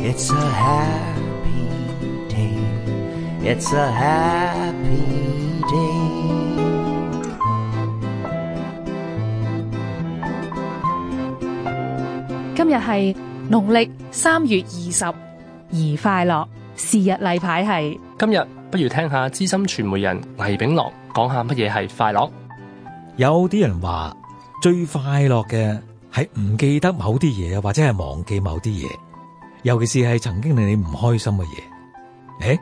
It's a happy day, it's a happy day 今日係農曆三月二十，而快樂是日例牌係今日，不如聽下資深傳媒人倪秉郎講下乜嘢係快樂。有啲人話最快樂嘅。係唔記得某啲嘢，或者係忘記某啲嘢，尤其是係曾經令你唔開心嘅嘢。誒，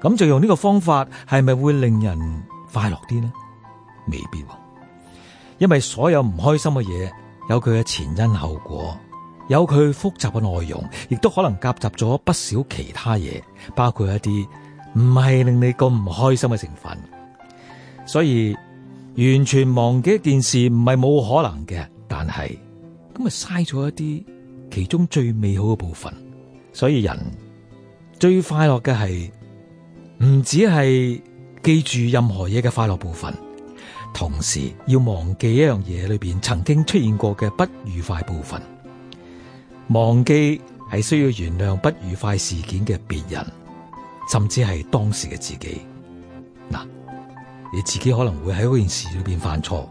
咁就用呢個方法係咪會令人快樂啲呢？未必，因為所有唔開心嘅嘢有佢嘅前因後果，有佢複雜嘅內容，亦都可能夾雜咗不少其他嘢，包括一啲唔係令你咁唔開心嘅成分。所以完全忘記一件事唔係冇可能嘅，但係。咁咪嘥咗一啲其中最美好嘅部分，所以人最快樂嘅係唔止係記住任何嘢嘅快樂部分，同時要忘記一樣嘢裏邊曾經出現過嘅不愉快部分。忘記係需要原諒不愉快事件嘅別人，甚至係當時嘅自己。嗱，你自己可能會喺嗰件事裏邊犯錯。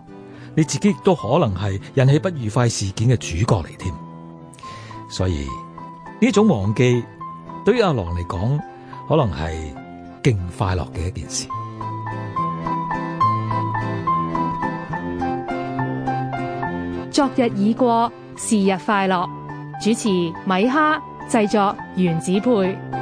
你自己亦都可能係引起不愉快事件嘅主角嚟添，所以呢種忘記對於阿郎嚟講，可能係勁快樂嘅一件事。昨日已過，是日快樂。主持米哈，製作原子配。